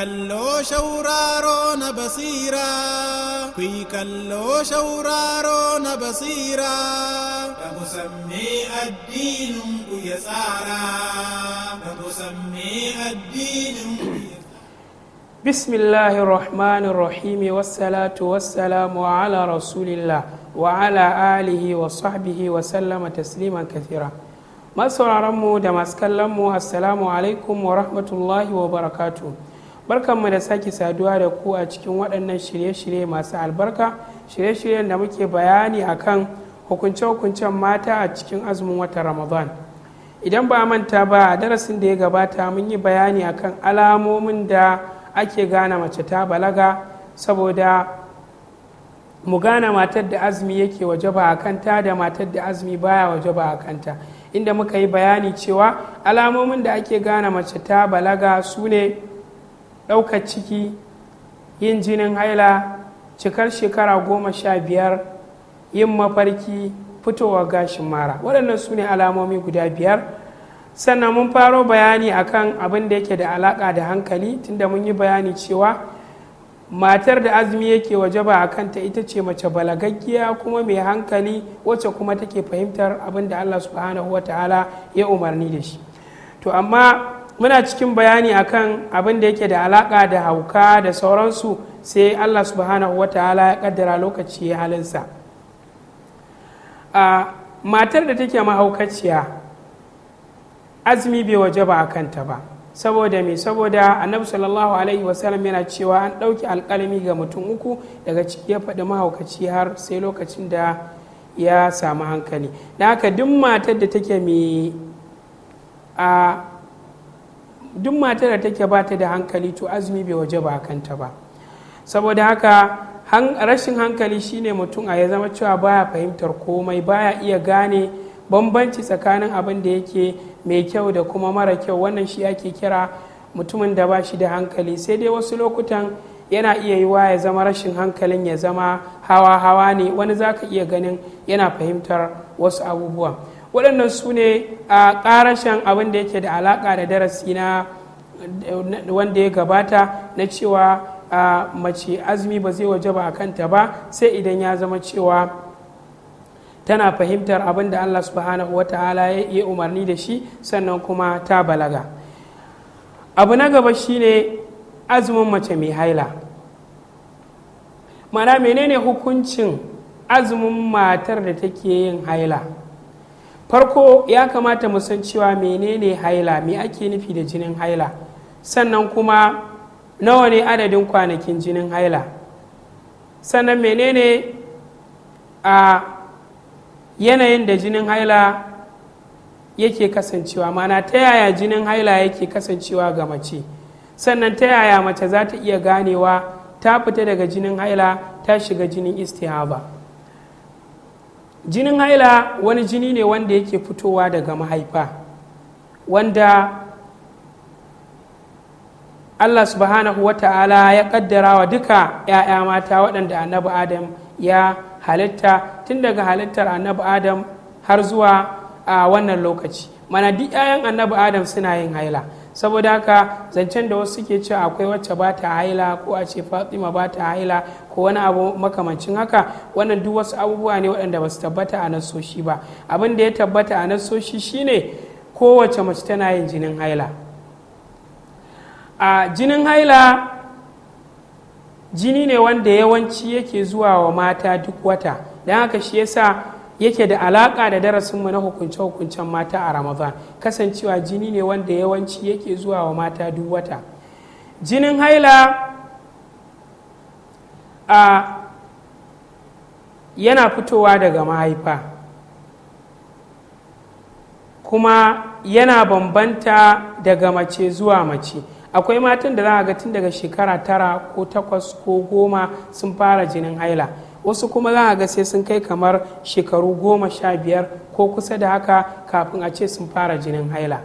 kalloo shawraaroo na basiiraa kuyi kalloo shawraaroo na basiiraa kamusammee addiinuun guyya saaraa kamusammee addiinuun بسم الله الرحمن الرحيم والصلاة والسلام على رسول الله وعلى آله وصحبه وسلم تسليما كثيرا masauraranmu da masu kallonmu assalamu alaikum wa rahmatullahi wa barakatu barkanmu da sake saduwa da ku a cikin waɗannan shirye-shirye masu albarka shirye-shiryen da muke bayani a kan hukunce-hukuncen mata a cikin azumin watan ramadan idan ba manta ba a darasin da ya gabata mun yi bayani a kan alamomin da ake gane mace ta balaga saboda mu gane matar da azumi yake waje ba a kanta da matar da azumi baya waje ba a kanta inda muka yi bayani cewa alamomin da ake gane mace ta balaga su ne ɗaukar ciki yin jinin haila cikar shekara goma sha biyar yin mafarki fitowa gashin mara waɗannan su ne alamomi guda biyar sannan mun faro bayani akan abin da yake da alaƙa da hankali tunda mun yi bayani cewa matar da azumi yake waje ba a kanta ita ce mace balagaggiya kuma mai hankali wacce kuma take fahimtar abin da allah subhanahu wa ta'ala ya umarni da shi to amma muna cikin bayani akan abin da yake da alaƙa da hauka da sauransu sai allah subhanahu wa ta'ala ya kaddara lokaci ya halinsa matar da take mahaukaciya azumi bai waje ba a kanta ba saboda me saboda annabi sallallahu alaihi wasallam yana cewa an ɗauki alƙalami ga mutum uku daga ciki ya faɗi mahaukaci har sai lokacin da ya samu hankali da haka duk matar da take mai a duk matar da take ba ta da hankali to azumi bai waje ba kanta ba saboda haka rashin hankali shine mutum a ya zama cewa baya fahimtar komai baya iya gane bambanci tsakanin abin da yake mai kyau da kuma mara kyau wannan shi ake kira mutumin da ba shi da hankali sai dai wasu lokutan yana iya yi wa ya zama rashin hankalin ya zama hawa-hawa ne wani za ka iya ganin yana fahimtar wasu abubuwa waɗannan su ne a ƙarashen abin da yake da alaƙa da darasi na wanda ya gabata na cewa mace azumi ba zai waje ba a kanta ba sai idan ya zama cewa tana fahimtar abin da allah subhanahu wa ta'ala ya yi umarni da shi sannan kuma ta balaga abu na gaba shine azumin mace mai haila mana menene hukuncin azumin matar da take yin haila farko ya kamata mu san cewa menene haila me ake nufi da jinin haila sannan kuma nawa ne adadin kwanakin jinin haila sannan menene a yanayin da jinin haila yake kasancewa mana ta yaya jinin haila yake kasancewa ga mace sannan ta yaya mace za ta iya ganewa ta fita daga jinin haila ta shiga jinin istihaba. jinin haila wani jini ne wanda yake fitowa daga mahaifa wanda allah subhanahu wa ta'ala ya kaddara wa duka 'ya'ya mata waɗanda annabi adam ya halitta tun daga halittar annabi adam har zuwa a wannan lokaci mana duk 'ya'yan annabi adam suna yin haila saboda haka zancen da wasu suke cewa akwai wacce ba ta haila ko a ce fatima ba ta haila ko wani abu makamancin haka wannan duk wasu abubuwa ne waɗanda ba su tabbata a nasoshi ba abin da ya tabbata a nasoshi shine kowace mace tana yin jinin haila a jinin haila jini ne wanda yawanci yake zuwa wa mata duk wata don haka shi yasa yake da alaƙa da darasinmu na hukunce-hukuncen mata a ramadan kasancewa jini ne wanda yawanci yake zuwa wa mata duk wata jinin haila a yana fitowa daga mahaifa kuma yana bambanta daga mace zuwa mace akwai matan da za a ga tun daga shekara tara ko takwas ko goma sun fara jinin haila wasu kuma za a ga sai sun kai kamar shekaru goma sha biyar ko kusa da haka kafin a ce sun fara jinin haila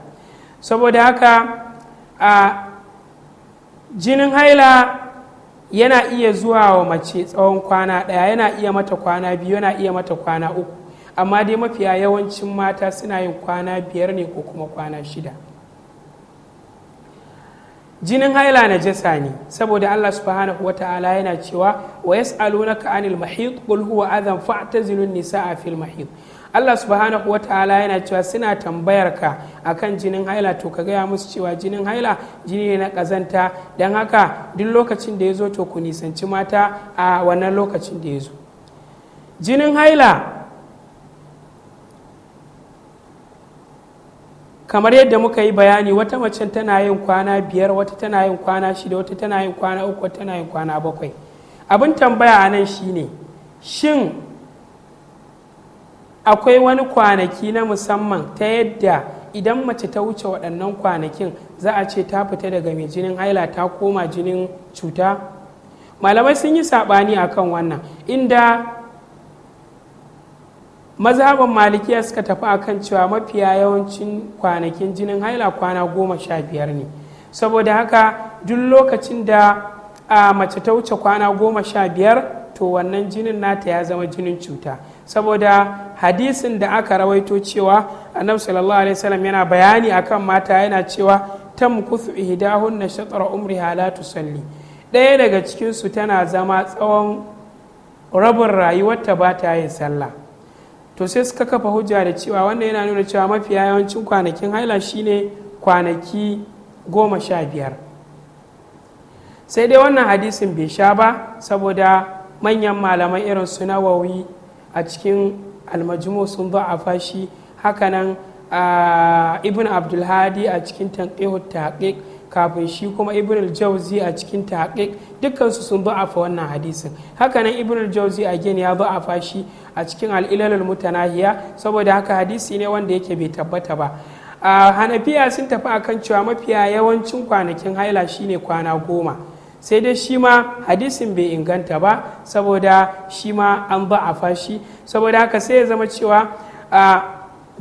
saboda haka a jinin haila yana iya zuwa wa mace tsawon kwana ɗaya yana iya mata kwana biyu yana iya mata kwana uku amma dai mafiya yawancin mata suna yin kwana biyar ne ko kuma kwana shida jinin haila na jasa ne saboda Allah subhanahu wa ta'ala yana cewa wa yas'alunaka anil mahid qul huwa adhan fa'tazilun nisaa fil mahid Allah subhanahu wa ta'ala yana cewa suna tambayar ka akan jinin haila to ka gaya musu cewa jinin haila jini ne na kazanta don haka duk lokacin da ya zo to ku nisanci mata a wannan lokacin da ya zo jinin haila kamar yadda muka yi bayani wata mace tana yin kwana biyar wata tana yin kwana shida wata tana yin kwana uku wata tana yin kwana bakwai abin tambaya a nan shine shin akwai wani kwanaki na musamman ta yadda idan mace ta wuce waɗannan kwanakin za a ce ta fita daga mai jinin haila ta koma jinin cuta malamai sun yi saɓani akan wannan inda mazhaban malikiya suka tafi akan cewa mafiya yawancin kwanakin jinin haila kwana goma sha biyar ne saboda haka duk lokacin da a mace ta wuce kwana goma sha biyar to wannan jinin nata ya zama jinin cuta saboda hadisin da aka rawaito cewa annabi sallallahu alaihi wasallam yana bayani akan mata yana cewa tamkuthu ihdahunna shatara umri la salli ɗaya daga cikinsu tana zama tsawon rabin rayuwarta ba ta yin sallah to sai suka kafa hujja da cewa wannan yana nuna cewa mafi yawancin kwanakin haila shine kwanaki goma sha biyar sai dai wannan hadisin bai sha ba saboda manyan malaman irin su nawawi a cikin almajmu sun ba a shi hakanan ah, ibn abdulhadi a cikin tanqihut tahqiq kafin shi kuma ibn al-jawzi a cikin tahqiq dukkan su sun ba'afa wannan hadisin hakanan ibn al-jawzi again ya ba'afa shi a cikin al-ilalul mutanahiya saboda haka hadisi ne wanda yake bai tabbata ba a hanafiya sun tafi akan cewa mafiya yawancin kwanakin haila shine kwana goma sai dai shi ma hadisin bai inganta ba saboda shi ma an ba'afa shi saboda haka sai ya zama cewa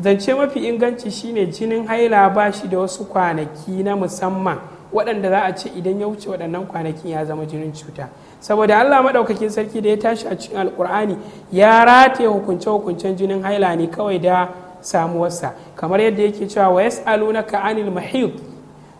zance mafi inganci shine jinin haila ba shi da wasu kwanaki na musamman waɗanda za a ce idan ya wuce waɗannan kwanakin ya zama jinin cuta saboda allah maɗaukakin sarki da ya tashi a cikin alkur'ani ya rataye hukunce-hukuncen jinin haila ne kawai da samuwarsa kamar yadda yake cewa wa yas'alunaka anil mahid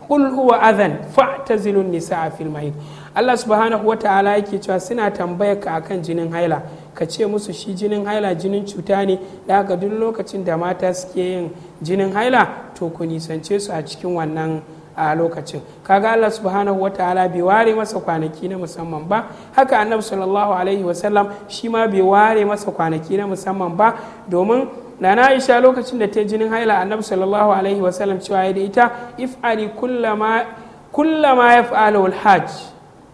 qul huwa adhan fa'tazilu nisa fil mahid allah subhanahu wa ta'ala yake cewa suna tambayar ka akan jinin haila ka ce musu shi jinin haila jinin cuta ne da haka duk lokacin da mata suke yin jinin haila to ku nisance su a cikin wannan a lokacin kaga Allah subhanahu wa ta'ala bai ware masa kwanaki na musamman ba haka annabi sallallahu alaihi wasallam shi ma bai ware masa kwanaki na musamman ba domin na na isha lokacin da ta jinin haila annabi sallallahu alaihi wasallam cewa ya da ita if if'ali kullama kullama yaf'alu alhajj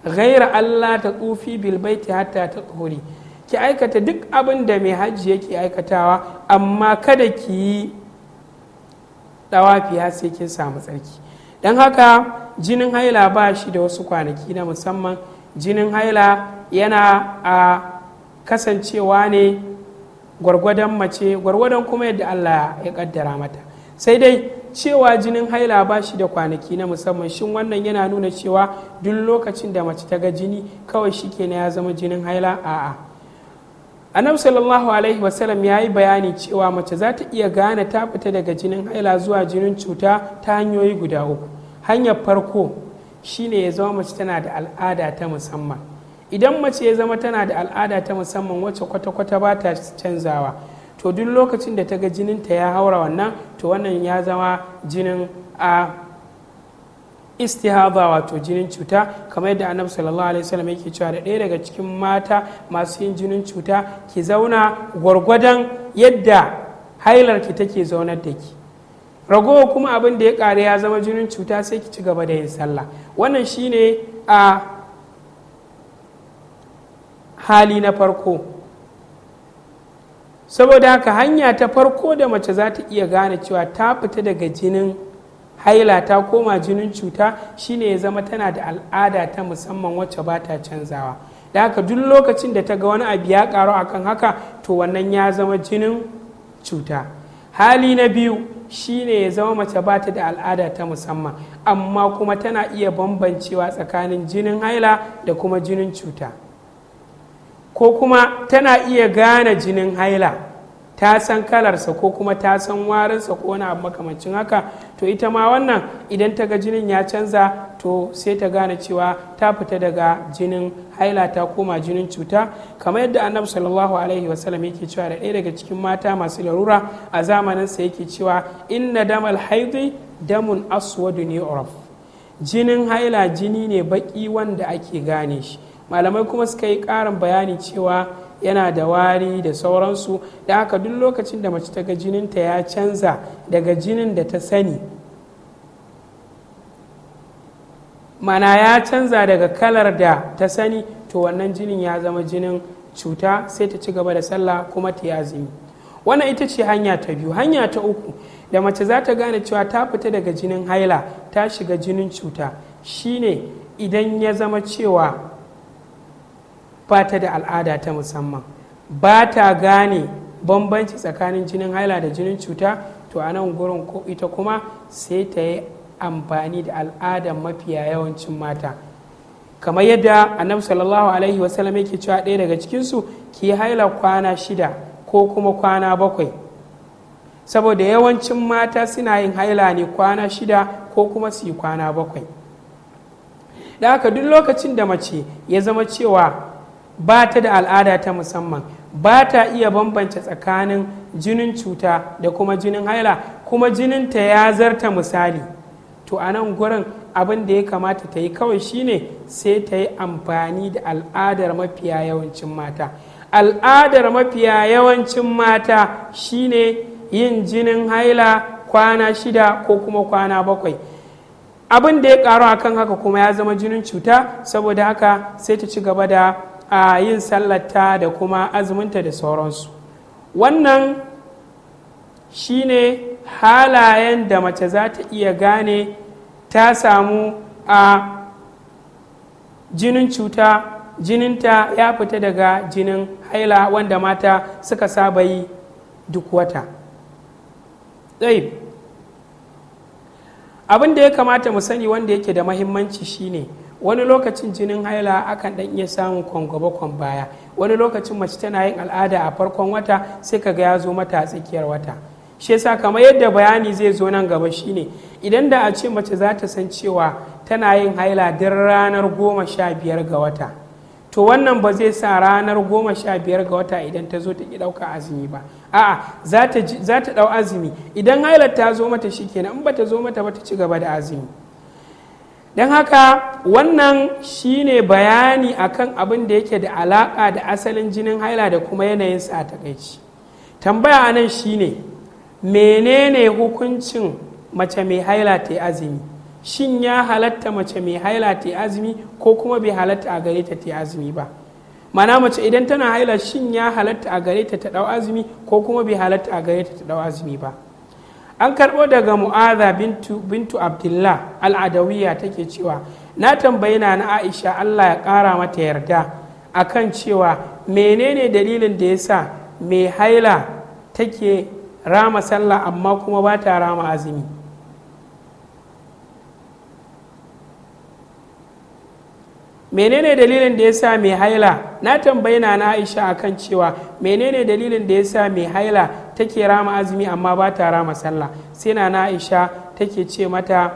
ghayra Allah ta tsufi bil baiti hatta ta ki aikata duk abin da mai hajji yake aikatawa amma kada ki yi ɗawafiya sai kin samu tsarki don haka jinin haila ba shi da wasu kwanaki na musamman jinin haila yana a kasancewa ne gwargwadon mace gwargwadon kuma yadda allah ya kaddara mata sai dai cewa jinin haila ba shi da kwanaki na musamman shin wannan yana nuna cewa duk lokacin da mace ta ga jini kawai shi ke ya zama jinin haila a'a annabi sallallahu alaihi wasallam ya yi bayani cewa mace za ta iya gane ta fita daga jinin haila zuwa jinin cuta ta hanyoyi guda uku hanyar farko shine ya zama mace tana da al'ada ta musamman idan mace ya zama tana da al'ada ta musamman wacce kwata-kwata ba ta canzawa to duk lokacin da ta ga ta ya haura wannan to wannan ya zama jinin a ah, istihaba wato jinin cuta kamar yadda annabi sallallahu alaihi wasallam yake cewa da ɗaya daga cikin mata masu yin jinin cuta ki zauna gwargwadon yadda hailar ki take zaunar da ki ragowa kuma abin da ya ƙare ya zama jinin cuta sai ki ci gaba da yin sallah wannan shine a hali na farko saboda haka hanya ta farko da mace za ta iya gane cewa ta fita daga jinin haila ta koma jinin cuta shine ya zama tana da al'ada ta musamman wacce ba ta canzawa da haka duk lokacin da ta ga wani abu ya karu akan haka to wannan ya zama jinin cuta hali na biyu shine ya zama mace ba ta da al'ada ta musamman amma kuma tana iya bambancewa tsakanin jinin haila da kuma jinin cuta ko kuma tana iya gane jinin haila ta san kalarsa ko kuma ta san warinsa ko wani abu makamancin haka to ita ma wannan idan ta ga jinin ya canza to sai ta gane cewa ta fita daga jinin haila ta koma jinin cuta kamar yadda annabi sallallahu alaihi wasallam yake cewa da ɗaya daga cikin mata masu larura a zamaninsa yake cewa inna damal haidi damun aswadu ne jinin haila jini ne baki wanda ake gane shi malamai kuma suka yi ƙarin bayani cewa yana da wari da sauransu da haka duk lokacin da mace ta ga jininta ya canza daga jinin da ta sani mana ya canza daga kalar da ta sani to wannan jinin ya zama jinin cuta sai ta ci gaba da sallah kuma ta yazimi wannan ita ce hanya ta biyu hanya ta uku da mace za ta gane cewa ta fita daga jinin haila ta shiga jinin cuta shine idan ya zama cewa ba ta da al'ada ta musamman ba ta gane bambanci tsakanin jinin haila da jinin cuta to a nan gurin ko ita kuma sai ta yi amfani da al'adar mafiya yawancin mata kamar yadda annabi sallallahu alaihi wasallam yake cewa ɗaya daga cikinsu ki haila kwana shida ko kuma kwana bakwai saboda yawancin mata suna yin haila ne kwana shida ko kuma su yi kwana bakwai da haka duk lokacin da mace ya zama cewa ba ta da al'ada ta musamman ba ta iya bambance tsakanin jinin cuta da kuma jinin haila kuma jinin ta ya zarta misali to a nan gurin abin da ya kamata ta yi kawai shine sai ta yi amfani da al'adar mafiya yawancin mata al'adar mafiya yawancin mata shine yin jinin haila kwana shida ko kuma kwana bakwai abin da ya a akan haka kuma ya zama jinin cuta saboda haka sai ta ci gaba da a yin sallata da kuma azuminta da sauransu wannan shine halayen da mace za ta iya gane ta samu a jinin cuta jininta ya fita daga jinin haila wanda mata suka saba yi duk wata abin da ya kamata mu sani wanda yake da mahimmanci shine wani lokacin jinin haila akan dan iya samun kwan baya wani lokacin mace tana yin al'ada a farkon wata sai ka ga ya zo mata a tsakiyar wata shi yasa kamar yadda bayani zai zo nan gaba shine idan da a ce mace za ta san cewa tana yin haila duk ranar goma sha biyar ga wata to wannan ba zai sa ranar goma sha biyar ga wata idan ta zo ta ki ɗauka azumi ba a'a za ta ɗau azumi idan hailar ta zo mata shikenan in ba ta zo mata ba ta ci gaba da azumi don haka wannan shine bayani akan abin da yake da alaka da asalin jinin haila da kuma yanayinsa a takaici tambaya nan shine menene hukuncin mace mai haila ta azumi shin ya halatta mace mai haila ta azumi ko kuma bai halatta a gare ta ta azumi ba mana mace idan tana haila shin ya halatta a gare ta ta ɗau azumi ko kuma bai halatta a gare ta ta ɗau azumi ba an karɓo daga mu'aza bintu, bintu abdullah al'adawiyya take cewa na tambayi na aisha allah ya ƙara mata yarda a kan cewa menene dalilin da ya sa mai haila take rama sallah amma kuma ba ta rama azumi menene dalilin da ya sa mai haila na tambayi na na aisha akan cewa menene dalilin da ya sa mai haila take rama azumi amma ba ta rama sallah sai na na'isha aisha take ce mata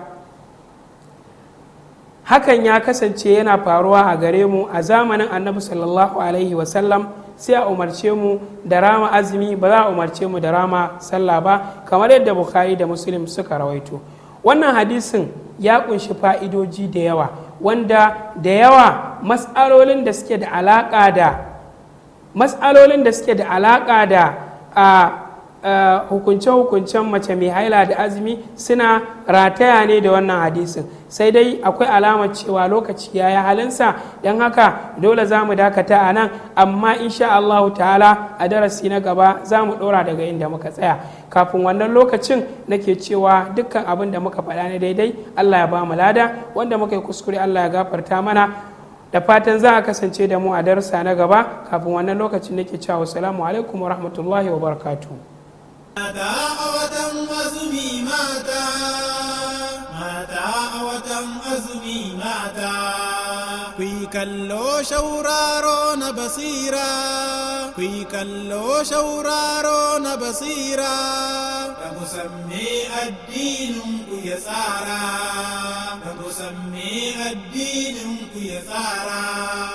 hakan ya kasance yana faruwa a gare mu a zamanin annabi sallallahu alaihi wasallam sai a umarce mu da rama azumi ba za a umarce mu da rama sallah ba kamar yadda bukari da muslim suka rawaito wannan hadisin ya kunshi fa'idoji da yawa wanda da yawa matsalolin da suke da alaƙa da matsalolin da suke da alaƙa da a Eh, hukunce-hukuncen mace mai haila da azumi suna rataya ne da wannan hadisin sai dai akwai alamar cewa lokaci ya yi halinsa don haka dole za mu dakata a nan amma insha Allahu ta'ala a darasi na gaba za mu ɗora daga inda muka tsaya kafin wannan lokacin nake cewa dukkan abin da muka faɗa ne daidai Allah ya ba mu lada wanda muka yi kuskure Allah ya gafarta mana da fatan za a kasance da mu a darasa na gaba kafin wannan lokacin nake cewa salamu alaikum wa rahmatullahi wa barakatuh متى أوتم أزمي متى متى أوتم أزمي متى kuyi kallo shauraro na basira kuyi kallo shauraro na basira da musamme addinin ku ya tsara da musamme addinin ku ya tsara